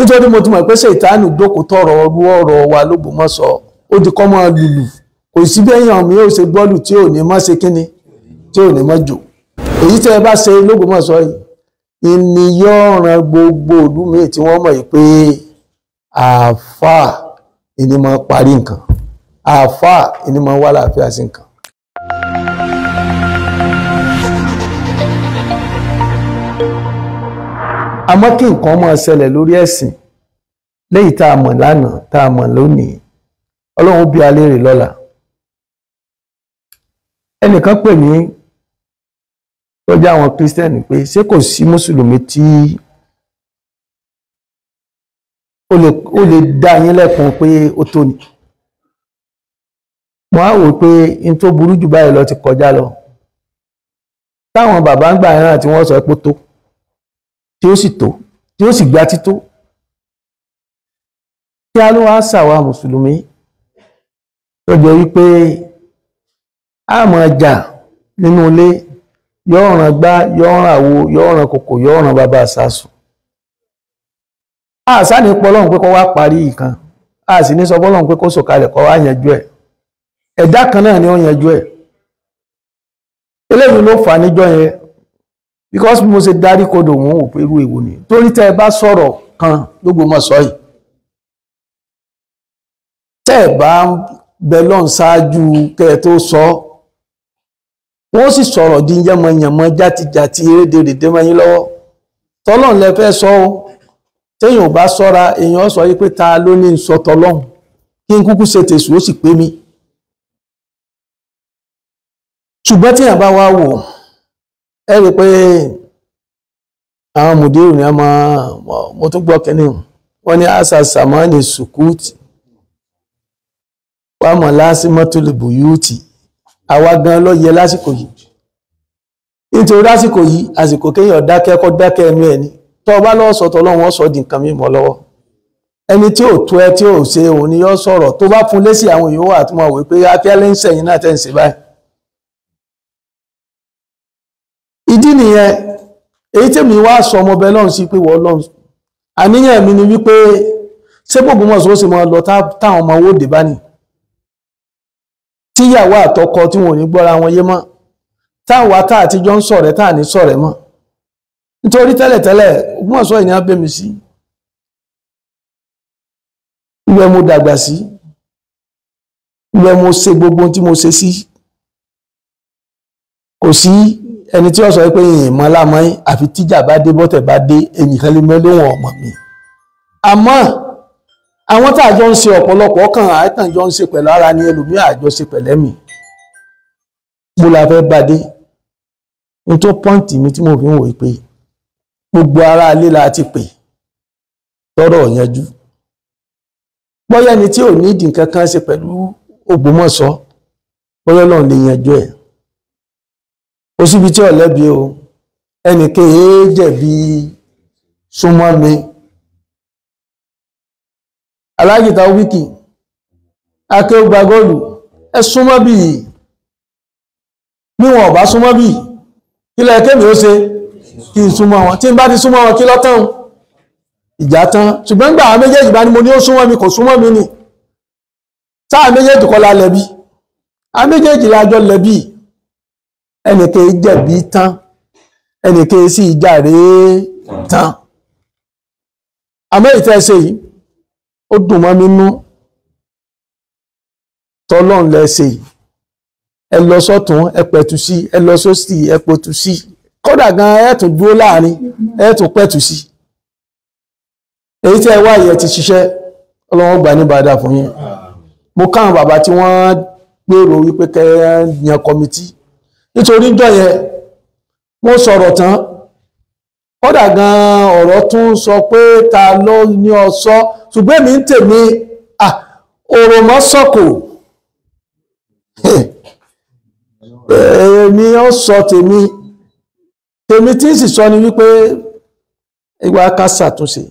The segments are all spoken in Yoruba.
nítorí mo ti mọ̀ pé ṣètánù jókòó tọrọ ọrú ọ̀rọ̀ wa lÓgbómọ̀ṣọ́ ó di kọ́ mọ́ lùlù kò sí bẹ́yìn ọ̀mí yóò ṣe gbọ́lù tí ò ní mọ́ ṣe kínni tí ò ní mọ́ jò èyí tẹ́ ẹ bá ṣe lÓgbómọ̀ṣọ́ yìí ni yóò ran gbogbo ìlú míì tí wọ́n mọ̀ pé àáfàá ni mo parí nǹkan àáfàá ni mo wá láàfin àti nǹkan àmọ́ kí nǹkan máa ṣẹlẹ̀ lórí ẹ̀sìn léyìí tá a mọ̀ lánàá tá a mọ̀ lónìí ọlọ́run ó bi aléèrè lọ́la ẹnìkan pè mí tó jẹ́ àwọn kírísítẹ́nì pé ṣé kò sí mùsùlùmí tí ó lè dá yín lẹ́kun pé ó tó ni mo á wò pé n tó burú jù báyìí lọ ti kọjá lọ táwọn bàbá ń gbà yẹn náà tí wọ́n sọ pé tó tí ó sì tó tí ó sì gba tító kí a ló wá ṣàwa mùsùlùmí tó jẹ́ wípé a máa jà nínú ilé yóò ràn gbá yóò ràn àwo yóò ràn kòkò yóò ràn bàbá àsásù a sá ní pọlọ́hún pé kó wá parí nǹkan a sì ní sọ pọlọ́hún pé kó sọ̀kalẹ̀ kó wá yanjú ẹ̀ ẹ̀dá kan náà ni ó yanjú ẹ̀ eléyìí ló fà níjọ́ yẹn because mo ṣe darí kodò wọn ò pé irú èwo ni torí tẹ́ ẹ bá sọ̀rọ̀ kan l'Ógbómọ̀ṣọ́ yìí tẹ́ ẹ bá bẹ lọ́n ṣáájú kẹ́ ẹ tó sọ wọ́n sì sọ̀rọ̀ di yánmọ̀yánmọ̀ játijàti erédèrèdè mọ́yín lọ́wọ́ tọ́lọ́n lẹ fẹ́ sọ ó téèyàn ò bá sọ́ra èèyàn sọ yí pé ta ló ní sọ tọ́lọ́hùn kí n kúkú ṣe tèṣù ó sì pé mi ṣùgbọ́n téèyàn bá wá wò ó ẹ rí i pé àwọn mùdírù ni a máa mo tún gbọ́ kẹ́ni wọ́n ní àṣà sàmánì sùkúùtì wàá mọ̀ lásìmọ́tòlè bùyúùtì àwa gan ló yẹ lásìkò yìí nítorí lásìkò yìí àsìkò kéèyàn dákẹ́ dákẹ́ ẹnu ẹ̀ ni tó o bá lọ́wọ́ sọ̀tọ̀ ọlọ́run ó sọ di nǹkan mímọ́ lọ́wọ́ ẹni tí ò tó ẹ tí ò ṣe òun ni yóò sọ̀rọ̀ tó bá fún lésì àwọn èèyàn wà tó máa wò pé akẹ́lẹ́ ń sẹ̀yìn náà tẹ̀ ń ṣe báyìí ìdí nìyẹn èyí tèmi wá sọ ọmọbẹ lọ́run sí pé wọ́n lọ́run àníyàn mi ni wípé ṣé gbogbo mọ̀ sọ́wọ́sì mọ́ lọ táwọn ọmọ owó dèbá ni tíyàwó àtọkọ tí wọn ò ní gbọ́ra wọn yé mọ́ táwọn ata àtijọ́ ń sọ̀rẹ́ táà ní sọ̀rẹ́ mọ́ nítorí tẹ́lẹ̀tẹ́lẹ̀ Ògbómọ̀ṣọ́ ìní abẹ́mi sí ibẹ̀ mo dàgbà sí ibẹ̀ mo ṣe gbogbo tí mo ṣe sí kò sí ẹni tí ó sọ pé yìnyín mọ́ lámọ́ yín àfi tíjà bá dé bọ́tẹ̀ bá dé èyí kan lè mẹ́lò wọn ọmọ mi àmọ́ àwọn tá àjọ ń ṣe ọ̀pọ̀lọpọ̀ ọkàn àìtànjọ ń ṣe pẹ̀lú ara ní ẹlòmíràn àjọṣe pẹ̀lẹ́mì mo la fẹ́ bá dé ní tó pọ́ǹtì mi tí mo fi ń wòye pé gbogbo ara ilé la ti pè tọ́rọ̀ yanjú bóyá ni tí ò ní ìdì kankan ṣe pẹ̀lú Ògbómọ̀ṣọ́ bóyá Ọlọ́run lè yanjú ẹ̀ ó síbi tí ọ̀lẹ́bi o ẹnìkan èé jẹ̀bi súnmọ́ mi Alhaji Taofiki akéwùgbà góòlù ẹ súnmọ́ bí i níwọ̀n ọ̀bá súnmọ́ bí i kí lọ ẹkẹ́ mi ó ṣe kí n súnmọ́ wọn tí n bá ti súnmọ́ wọn kí lọ́tàn ìjà tán ṣùgbọ́n gbà méjèèjì bá ní mo ní ó súnmọ́ mi kò súnmọ́ mi nì sáà méjèèjì kọ́ la lẹ̀bi àwọn méjèèjì la jọ lẹ̀bi ẹnìkan jẹ̀bi tán ẹnìkan sì jàre tán àmọ́ ìtẹ́sẹ̀ yìí ó dùn mọ́ mi nú tọ́lọ́n lẹ́sẹ̀ yìí ẹ lọ sọ́tún ẹ pẹ̀tù sí ẹ lọ sósì ẹ pẹ̀tù sí kódà gan ẹ tún dúró láàrin ẹ tún pẹ̀tù sí èyí tí ẹ wá yẹ ti ṣiṣẹ́ ọlọ́wọ́n gbà ní bàdà fún yín mo káwọn bàbá tí wọ́n gbèrò wípé kẹ́ yan kọmitì nítorí ń jọyẹ mo sọ̀rọ̀ tán kódà gan ọ̀rọ̀ tún sọ pé ta ló ní ọ sọ ṣùgbọ́n èmi ń tèmi òròmọ́ sọ̀kò èmi ó sọ tèmi tèmi tí ń sì sọ ni wípé ìwà ká ṣàtúnṣe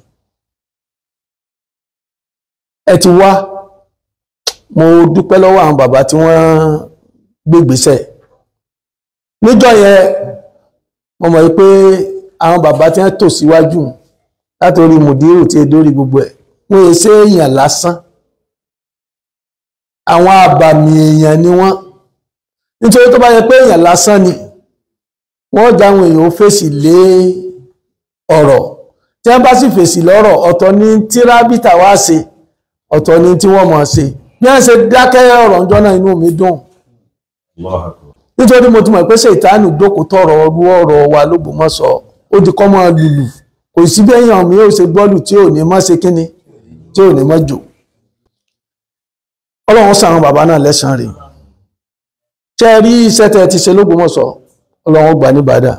ẹ ti wá mo dúpẹ́ lọ́wọ́ àwọn bàbá tí wọ́n gbégbèsẹ̀ níjọ́ yẹn mo mọ̀ pé àwọn bàbá tí wọ́n tò síwájú látòrí mùdírù tí edórí gbogbo ẹ̀ wọ́n yẹ ṣe èèyàn lásán àwọn àbàmì èèyàn ni wọ́n nítorí tó bá yẹ pé èèyàn lásán ni wọ́n já àwọn èèyàn ó fèsì lé ọ̀rọ̀ tí wọ́n bá sì fèsì lọ́rọ̀ ọ̀tọ̀ ní tírábìtà wá ṣe ọ̀tọ̀ ní tí wọ́n mọ̀ ṣe bí wọ́n ṣe dákẹ́ ọ̀rọ̀ ọjọ́ náà inú mi dùn nítorí mo ti mọ̀ pé ṣètánù dókò tọrọ ọrú ọ̀rọ̀ wa lÓgbómọ̀ṣọ́ ó di kọ́ mọ́ lùlù kò sí bẹ́yàn mi yóò ṣe gbọ́lù tí ò ní mọ́ ṣe kíni tí ò ní mọ́ jò ọlọ́run sàrùn bàbá náà lẹ́sàn rẹ̀ ṣe rí iṣẹ́ tẹ́ ti ṣe lÓgbómọ̀ṣọ́ ọlọ́run gbà ní bàdà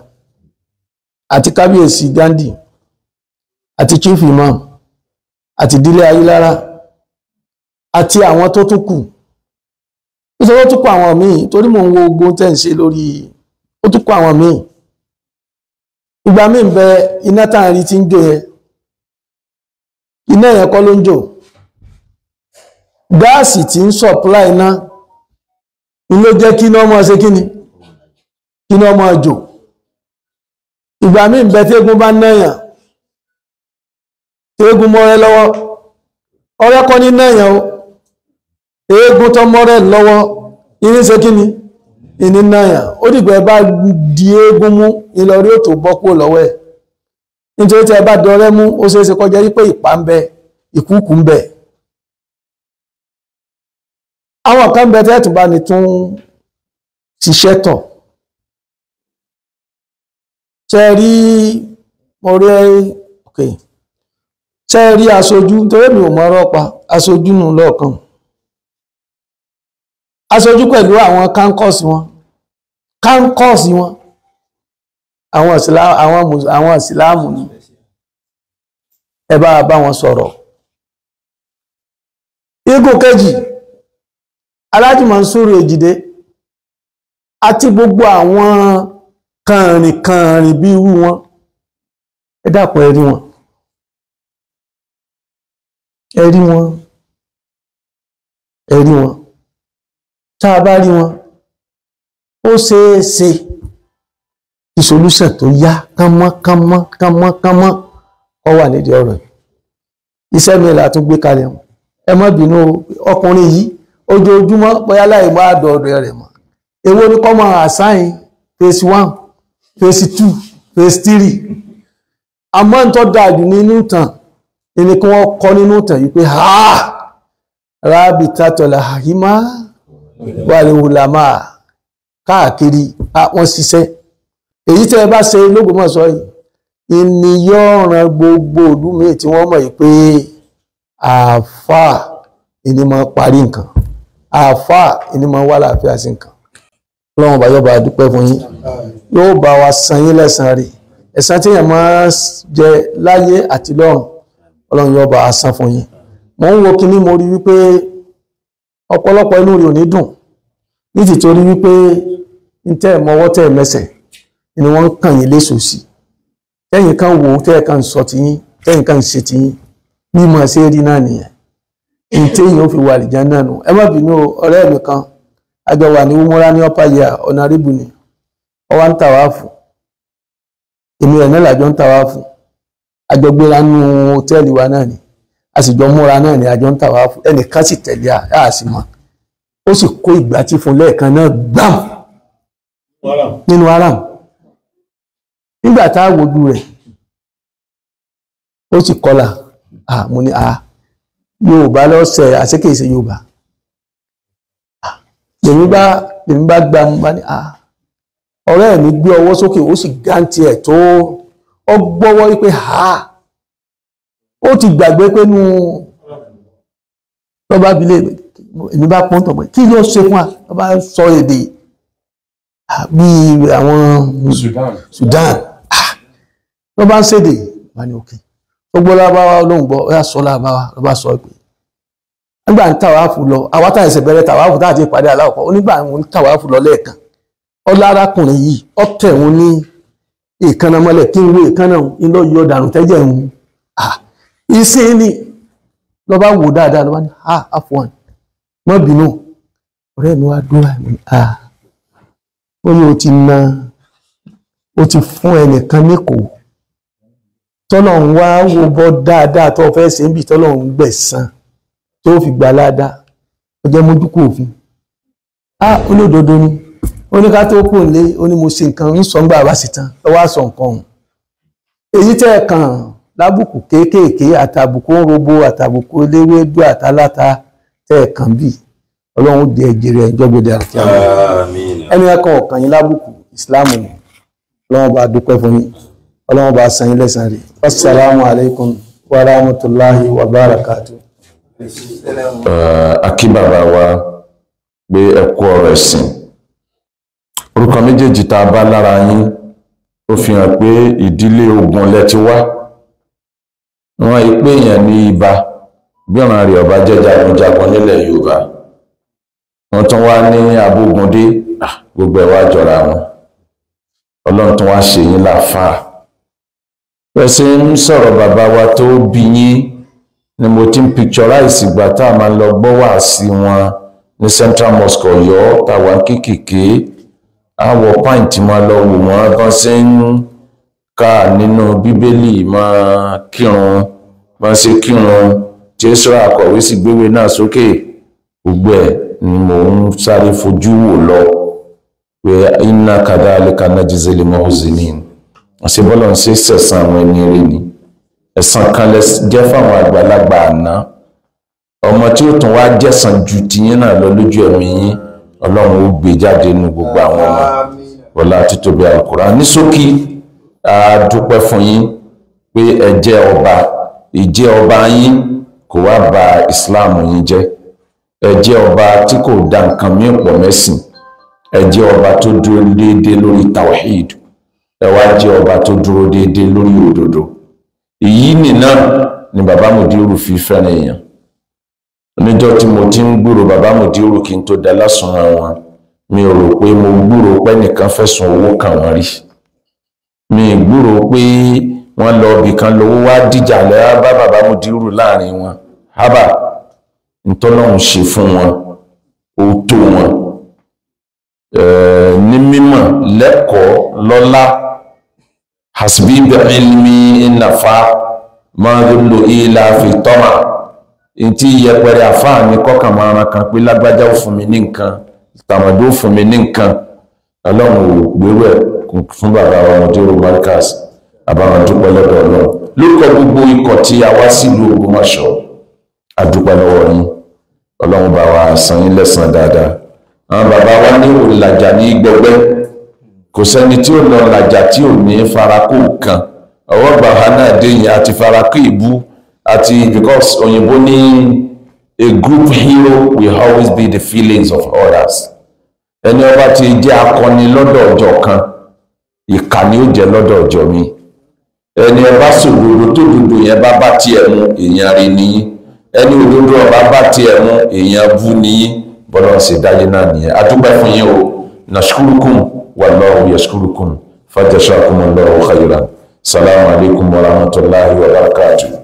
àti kábíyèsí Gandhi àti chief imam àti dílé ayélára àti àwọn tó tún kù nítorí ó tún kọ àwọn míì torí mò ń wo ogun tẹ́ ń ṣe lórí ó tún kọ àwọn bẹ iná tá à ń rí ń yẹn iná yẹn kọ́ ló ń jò gáàsì tí ń sọ̀pùlá iná ni ló jẹ́ kí iná máa bẹ tí bá tí lọ́wọ́ kọ́ ní o. eégún tó mọ́rẹ̀ lọ́wọ́ ìní ṣe kí ni ìní ó dìgbà ẹ bá di eégún mú ìlọrí òtò bọ́ lọ́wọ́ ẹ̀ nítorí tí ẹ bá dọrẹ́ mú ó ṣeé ṣe kọjá wípé ìpá ń bẹ ìkúùkù ń bẹ àwọn kan bẹ tẹ́ tún bá ní tún ṣiṣẹ́ tọ̀ ṣe rí mo rí ṣe rí aṣojú pa aṣojú nù aṣojú pẹ̀lú àwọn kánkọ́sì wọn kánkọ́sì wọn àwọn ìsìláàmù ni ẹ bá bá wọn sọ̀rọ̀ igun kejì Alhaji Mansuru Ejide àti gbogbo àwọn kànrìn kànrìn bí irú wọn ẹ dákun ẹ rí wọn ẹ rí wọn ẹ rí wọn tá a bá rí wọn ó ṣeé ṣe kí solúṣàn tó yá kánmọ́ kánmọ́ kánmọ́ kánmọ́ kọ́ wà nídìí ọ̀rọ̀ yìí iṣẹ́ mi là tún gbé kalẹ̀ wọn ẹ má bínú ọkùnrin yìí ojoojúmọ́ bóyá láì má dọ̀ọ̀dọ̀ rẹ̀ mọ́ èwo ni kọ́ máa àṣàyìn phase one phase two phase three àmọ́ ń tọ́ dáa jù nínú ìtàn ẹni kí wọ́n kọ́ nínú ìtàn yìí pé ha rábìtátọ̀lá àyímáà wàlẹ̀ wùlàmà káàkiri wọ́n ṣiṣẹ́ èyí tẹ́ ẹ bá ṣe lógúnmọ̀ṣọ́ yìí ni yóò ran gbogbo ìlú míì tí wọ́n mọ̀ yìí pé àáfàá ni mo parí nǹkan àáfàá ni mo wá láàfíà sí nǹkan ọlọ́run bá yóò bá dúpẹ́ fún yín yóò bá wa san yín lẹ́sàn-án rẹ̀ ẹ̀san tí èèyàn máa jẹ láyé àti lọ́run ọlọ́run yóò bá a san fún yín mo ń wo kinní mo rí wípé ọpọlọpọ inú rẹ̀ ò ní dùn nítorí wípé ń tẹ́ ẹ̀ mọ́wọ́ tẹ́ ẹ̀ mẹsẹ̀ ni wọ́n ń kàn yín léṣo tẹ́yìn kan wò tẹ́yìn kan sọ tẹ́yìn kan ṣe ṣe rí náà nìyẹn ó fi wà náà nù ẹ kan àjọ wà ní wúmúra ní upper year honorable ni ọwá ń tàwá fún èmi náà làjọ ń tàwá fún àjọgbéra wa náà a sì jọ múra náà ni àjọ ń tà wá fún ẹnìkan sì tẹ̀lé à á sì mọ̀ ó sì kó ìgbà tí fún lẹ́ẹ̀kan náà gbàm nínú aram nígbà tá a wojú rẹ̀ ó sì kọlà mo ní a yorùbá lọ́sẹ̀ àṣekèsè yorùbá lèmi bá lèmi bá gba mo bá ní a ọ̀rẹ́ mi gbé ọwọ́ sókè ó sì gáǹtì ẹ̀ tó ọ gbọ́wọ́ wípé ha ó ti gbàgbé pé nú lọ́ba abilé èmi bá pọ́n tọ̀ pé kí ló ṣe fún wa sọ èdè bí àwọn Sudan lọ́ba ń ṣèdè wà ní òkè gbogbo lábáwá olóhùn gbọ́ ó yà sọ lábáwá lọ́ba sọ pé nígbà ń tàwáfù lọ àwátà ẹsẹ̀ bẹ̀rẹ̀ tàwáfù láti ìpàdé aláwọ̀kọ́ onígbà ń tàwáfù lọ lẹ́ẹ̀kan ọlárakùnrin yìí ọ̀tẹ̀ òun ní èèkánná mọ́lẹ̀ kí n wo èèkánná òun iná yọ dànù tẹ́jẹ̀ òun ìsìn ni lọ bá wò dáadáa lọ bá ní ah, ha afwan mọ́ bínú ọ̀rẹ́ mi wá dúrà mi ah, ha ó ní o ti na o ti fún ẹnìkan níkòó tọ́lọ̀ ń wá wo bọ́ dáadáa tó fẹ́ ṣe ń bì tọ́lọ̀ ń gbẹ̀san tó fi gbà ládàá ọjọ́ mójúkú òfin a ah, olódodo ni ó ní ká tó kù nílé ó ní mo ṣe nǹkan ń sọ ń gbà bá sì tán ẹ wá sọ nǹkan ọ̀hún èyí tẹ́ ẹ̀ kàn án lábùkù kéékèèké àtàbùkù ńrobo àtàbùkù eléwédú àtàláta tẹ̀ẹ̀kan bì ọlọ́run di ẹ̀jẹ̀ rẹ̀ ìjọgbẹ̀dẹ̀ àti àwọn ẹni ẹ̀kan ọ̀kan yín lábùkù ìsìláàmù ni ọlọ́run bá dúpẹ́ fún yín ọlọ́run bá san yín lẹ́san rẹ̀ wasalaamu alaykum wa rahmatulahi wa barakatu. akí bàbá wa pé ẹ kú ọ̀rọ̀ ẹ̀sìn orúkọ méjèèjì tá a bá lára yín ó fi hàn pé ìdílé ogun lẹ ti wá. wọn ipé èèyàn ní ibà bí ọ̀ràn rẹ̀ ọba jẹ́ jagunjagun nílẹ̀ yorùbá wọ́n tún wá ní ah, gbogbo ẹ̀ wá jọra wọn ọlọ́run tún wá ṣe yín pẹ̀sẹ̀ ń sọ̀rọ̀ bàbá wa tó bí ni mo ti ń picturize ìgbà tá a máa lọ gbọ́ wá sí wọn ní central mosque ọ̀yọ́ kékèké àwọ̀ pint máa lọ wò wọ́n kà nínú bíbélì máa kírun máa ṣe kírun tí Ẹ́sírà akọ̀wé sì gbéwé náà sókè gbogbo ẹ̀ ni mò ń sáré fojú wò lọ pé inna kadhalika najzil muhsinin àṣẹ bọ́lá ń ṣe sẹ̀san àwọn ẹni rẹ̀ ni ẹ̀san kan lẹ jẹ́ fáwọn àgbàlagbà àná ọmọ tí ó tún wá jẹ̀san ju tiyín náà lọ lójú ẹ̀mí yín ọlọ́run ó gbé jáde nínú gbogbo àwọn ọmọ wọlá títóbi àlùkùránì ní ṣókí a dúpẹ́ fún yín pé ẹ jẹ́ ọba ìjẹ́ ọba yín kò wá bà islam yín jẹ́ ẹ jẹ́ ọba tí kò da nǹkan mí pọ̀ mẹ́sìn ẹ jẹ́ ọba tó dúró déédéé lórí tawhid ẹ wá jẹ́ ọba tó dúró déédéé lórí òdodo èyí nìna ni bàbá Mùdírù fi fẹ́ràn èèyàn níjọ́ tí mo ti ń gbúrò bàbá Mùdírù kí n tó dá lásùnra wọn mi ò rò pé mo gbúrò pé ẹnìkan fẹ̀sùn owó kàn wọ́n rí mi gbúrò pé wọ́n lọ kan lówó wá dìjà lẹ́wọ́ bá bàbá mùdírù láàrin wọn hábà ntọ́lọ́hún ṣe fún wọn ó tó wọn ní mímọ̀ lẹ́kọ̀ọ́ lọ́lá hasbi ilmi nafa mọ́rúlò ilà fìtọ́mà tí yẹpẹrẹ àfáà ní máa kan pé lágbájá ó fún mi ní nǹkan tàmàdó fún mi ní fún bàbá wa mọ̀déró markaz àbáwọn dúpẹ́ lọ́dọ̀ náà lórúkọ gbogbo ikọ̀ tí a wá sílùú Ògbómọ̀ṣọ́ àdúpẹ́ lọ́wọ́ yín ọlọ́run bá wa san yín lẹ́san dáadáa àwọn bàbá wa ní òǹlàjà ní gbẹgbẹ́ kò sẹ́ni tí ò lọ làjà tí ò ní farakó kan ọwọ́ bàbá náà déyìn àti farakó ìbú àti because òyìnbó ní a group hero will always be the feelings of others ẹni ọba ti jẹ́ akọni lọ́dọ̀ ọjọ́ kan ìkà ni ó jẹ́ lọ́dọ̀ ọjọ́ mi ẹni ọba sòdodo tó dodo yẹn bá bá tiẹ̀ mu èèyàn rí nìyí ẹni òdodo ọba bá tiẹ̀ mu èèyàn bú nìyí bọ́lá ṣe dáyé náà nìyẹn adúpẹ́ fún yín o na nashkurukum wallahu yashkurukum fajashakumullahu khairan salamu alaykum wa rahmatulahi wa barakatuh.